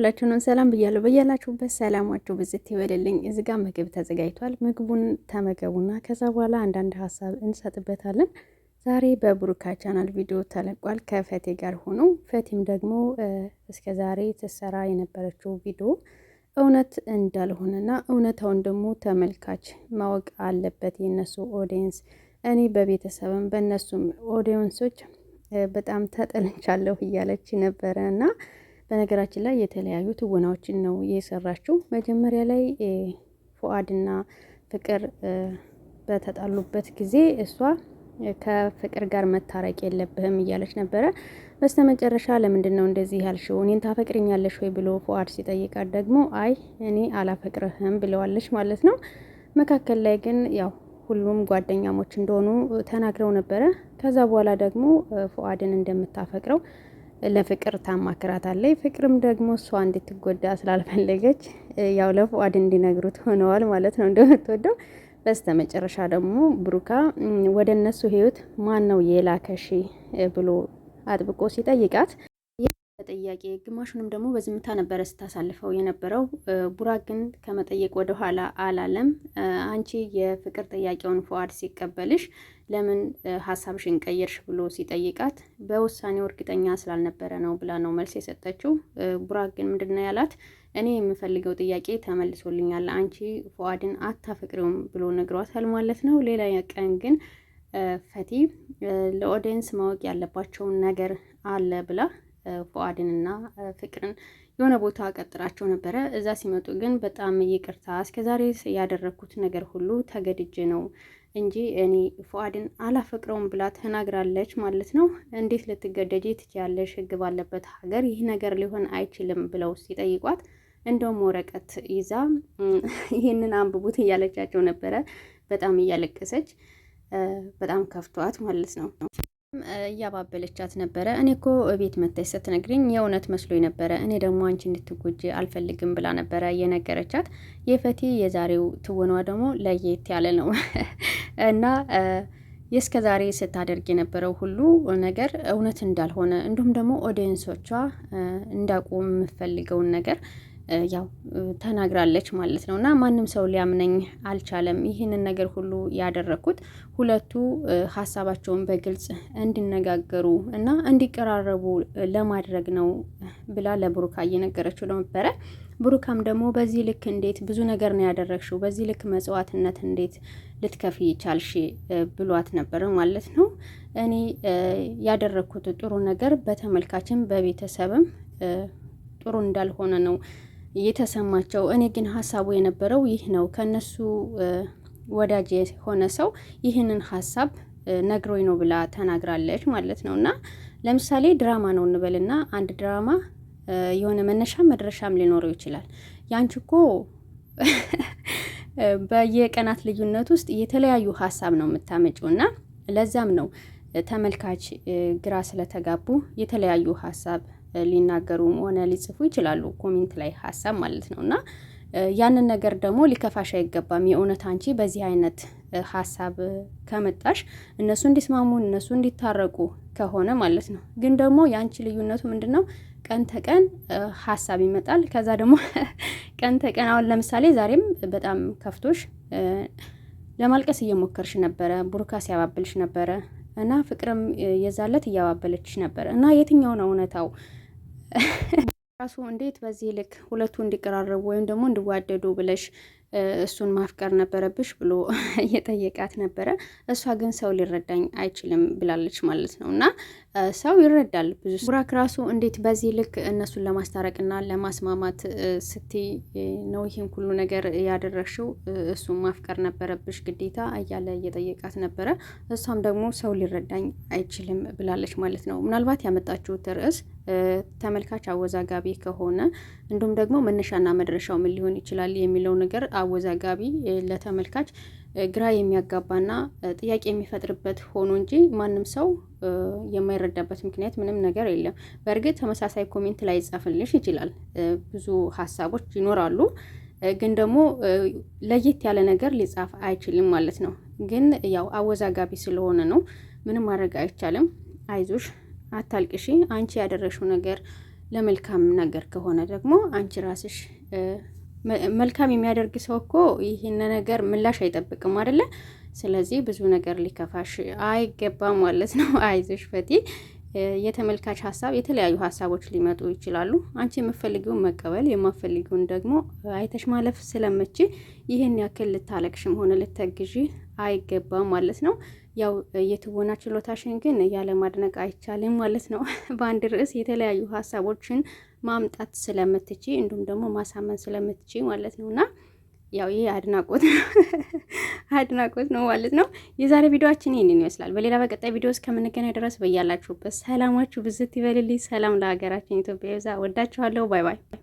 ሁላችሁንም ሰላም ብያለሁ። በያላችሁበት ሰላማችሁ ብዝት ይበልልኝ። እዚ ጋር ምግብ ተዘጋጅቷል። ምግቡን ተመገቡና ከዛ በኋላ አንዳንድ ሀሳብ እንሰጥበታለን። ዛሬ በቡሩካ ቻናል ቪዲዮ ተለቋል ከፈቴ ጋር ሆኖ ፈቲም ደግሞ እስከ ዛሬ ትሰራ የነበረችው ቪዲዮ እውነት እንዳልሆነና እውነታውን ደግሞ ተመልካች ማወቅ አለበት የነሱ ኦዲየንስ። እኔ በቤተሰብም በእነሱም ኦዲየንሶች በጣም ተጠልቻለሁ እያለች ነበረ እና በነገራችን ላይ የተለያዩ ትወናዎችን ነው የሰራችው። መጀመሪያ ላይ ፉአድና ፍቅር በተጣሉበት ጊዜ እሷ ከፍቅር ጋር መታረቅ የለብህም እያለች ነበረ። በስተ መጨረሻ ለምንድን ነው እንደዚህ ያልሽው? እኔን ታፈቅርኛለሽ ወይ ብሎ ፉአድ ሲጠይቃት ደግሞ አይ እኔ አላፈቅርህም ብለዋለች ማለት ነው። መካከል ላይ ግን ያው ሁሉም ጓደኛሞች እንደሆኑ ተናግረው ነበረ። ከዛ በኋላ ደግሞ ፉአድን እንደምታፈቅረው ለፍቅር ታማክራታለች። ፍቅርም ደግሞ እሷ እንድትጎዳ ስላልፈለገች ያው ለፉአድ እንዲነግሩት ሆነዋል ማለት ነው እንደምትወደው። በስተ መጨረሻ ደግሞ ብሩካ ወደ እነሱ ህይወት ማን ነው የላከሽ ብሎ አጥብቆ ሲጠይቃት ጥያቄ ግማሹንም ደግሞ በዝምታ ነበረ ስታሳልፈው የነበረው። ቡራ ግን ከመጠየቅ ወደኋላ አላለም። አንቺ የፍቅር ጥያቄውን ፉአድ ሲቀበልሽ ለምን ሀሳብሽን ቀየርሽ ብሎ ሲጠይቃት በውሳኔው እርግጠኛ ስላልነበረ ነው ብላ ነው መልስ የሰጠችው። ቡራ ግን ምንድነው ያላት? እኔ የምፈልገው ጥያቄ ተመልሶልኛል፣ አንቺ ፉአድን አታፈቅሪውም ብሎ ነግሯታል ማለት ነው። ሌላ ቀን ግን ፈቲ ለኦዲየንስ ማወቅ ያለባቸውን ነገር አለ ብላ ፉአድንና ፍቅርን የሆነ ቦታ ቀጥራቸው ነበረ። እዛ ሲመጡ ግን በጣም ይቅርታ እስከዛሬ ያደረግኩት ነገር ሁሉ ተገድጄ ነው እንጂ እኔ ፉአድን አላፈቅረውም ብላ ተናግራለች ማለት ነው። እንዴት ልትገደጂ ትችያለሽ? ህግ ባለበት ሀገር ይህ ነገር ሊሆን አይችልም ብለው ሲጠይቋት እንደውም ወረቀት ይዛ ይህንን አንብቡት እያለቻቸው ነበረ። በጣም እያለቀሰች በጣም ከፍቷት ማለት ነው። እያባበለቻት ነበረ። እኔ እኮ ቤት መታች ስትነግሪኝ የእውነት መስሎ ነበረ፣ እኔ ደግሞ አንቺ እንድትጎጂ አልፈልግም ብላ ነበረ የነገረቻት። የፈቲ የዛሬው ትወኗ ደግሞ ለየት ያለ ነው እና የእስከ ዛሬ ስታደርግ የነበረው ሁሉ ነገር እውነት እንዳልሆነ እንዲሁም ደግሞ ኦዲየንሶቿ እንዳቁ የምፈልገውን ነገር ያው ተናግራለች ማለት ነው። እና ማንም ሰው ሊያምነኝ አልቻለም። ይህንን ነገር ሁሉ ያደረግኩት ሁለቱ ሀሳባቸውን በግልጽ እንዲነጋገሩ እና እንዲቀራረቡ ለማድረግ ነው ብላ ለብሩካ እየነገረችው ነበረ። ብሩካም ደግሞ በዚህ ልክ እንዴት ብዙ ነገር ነው ያደረግሽው፣ በዚህ ልክ መጽዋዕትነት እንዴት ልትከፍይ ይቻልሽ ብሏት ነበር ማለት ነው። እኔ ያደረግኩት ጥሩ ነገር በተመልካችም በቤተሰብም ጥሩ እንዳልሆነ ነው የተሰማቸው። እኔ ግን ሀሳቡ የነበረው ይህ ነው። ከነሱ ወዳጅ የሆነ ሰው ይህንን ሀሳብ ነግሮኝ ነው ብላ ተናግራለች ማለት ነው። እና ለምሳሌ ድራማ ነው እንበልና አንድ ድራማ የሆነ መነሻም መድረሻም ሊኖረው ይችላል። ያንቺ እኮ በየቀናት ልዩነት ውስጥ የተለያዩ ሀሳብ ነው የምታመጪው እና ለዛም ነው ተመልካች ግራ ስለተጋቡ የተለያዩ ሀሳብ ሊናገሩም ሆነ ሊጽፉ ይችላሉ፣ ኮሜንት ላይ ሀሳብ ማለት ነው። እና ያንን ነገር ደግሞ ሊከፋሽ አይገባም። የእውነት አንቺ በዚህ አይነት ሀሳብ ከመጣሽ እነሱ እንዲስማሙ እነሱ እንዲታረቁ ከሆነ ማለት ነው። ግን ደግሞ የአንቺ ልዩነቱ ምንድን ነው? ቀን ተቀን ሀሳብ ይመጣል። ከዛ ደግሞ ቀን ተቀን አሁን ለምሳሌ ዛሬም በጣም ከፍቶሽ ለማልቀስ እየሞከርሽ ነበረ፣ ቡርካ ሲያባብልሽ ነበረ እና ፍቅርም የዛለት እያባበለችሽ ነበረ እና የትኛው ነው እውነታው? ራሱ እንዴት በዚህ ልክ ሁለቱ እንዲቀራረቡ ወይም ደግሞ እንዲዋደዱ ብለሽ እሱን ማፍቀር ነበረብሽ ብሎ እየጠየቃት ነበረ። እሷ ግን ሰው ሊረዳኝ አይችልም ብላለች ማለት ነው። እና ሰው ይረዳል ብዙ ቡራክ ራሱ እንዴት በዚህ ልክ እነሱን ለማስታረቅና ለማስማማት ስቲ ነው ይህን ሁሉ ነገር ያደረግሽው፣ እሱን ማፍቀር ነበረብሽ ግዴታ እያለ እየጠየቃት ነበረ። እሷም ደግሞ ሰው ሊረዳኝ አይችልም ብላለች ማለት ነው። ምናልባት ያመጣችሁት ርዕስ ተመልካች አወዛጋቢ ከሆነ እንዲሁም ደግሞ መነሻና መድረሻው ምን ሊሆን ይችላል የሚለው ነገር አወዛጋቢ ለተመልካች ግራ የሚያጋባና ጥያቄ የሚፈጥርበት ሆኖ እንጂ ማንም ሰው የማይረዳበት ምክንያት ምንም ነገር የለም። በእርግጥ ተመሳሳይ ኮሜንት ላይ ይጻፍልሽ ይችላል። ብዙ ሀሳቦች ይኖራሉ፣ ግን ደግሞ ለየት ያለ ነገር ሊጻፍ አይችልም ማለት ነው። ግን ያው አወዛጋቢ ስለሆነ ነው፣ ምንም ማድረግ አይቻልም። አይዞሽ አታልቅሺ። አንቺ ያደረግሽው ነገር ለመልካም ነገር ከሆነ ደግሞ አንቺ ራስሽ መልካም የሚያደርግ ሰው እኮ ይህን ነገር ምላሽ አይጠብቅም አይደለ? ስለዚህ ብዙ ነገር ሊከፋሽ አይገባም ማለት ነው። አይዞሽ ፈቲ። የተመልካች ሀሳብ የተለያዩ ሀሳቦች ሊመጡ ይችላሉ። አንቺ የምፈልጊውን መቀበል የማፈልጊውን ደግሞ አይተሽ ማለፍ ስለምች ይህን ያክል ልታለቅሽም ሆነ ልተግዢ አይገባም ማለት ነው። ያው የትወና ችሎታሽን ግን ያለማድነቅ አይቻልም ማለት ነው። በአንድ ርዕስ የተለያዩ ሀሳቦችን ማምጣት ስለምትች እንዲሁም ደግሞ ማሳመን ስለምትች ማለት ነው እና ያው ይህ አድናቆት ነው አድናቆት ነው ማለት ነው። የዛሬ ቪዲዮችን ይህንን ይመስላል። በሌላ በቀጣይ ቪዲዮ እስከምንገናኝ ድረስ በያላችሁበት ሰላማችሁ ብዝት ይበልልኝ። ሰላም ለሀገራችን ኢትዮጵያ ይብዛ። ወዳችኋለሁ። ባይ ባይ።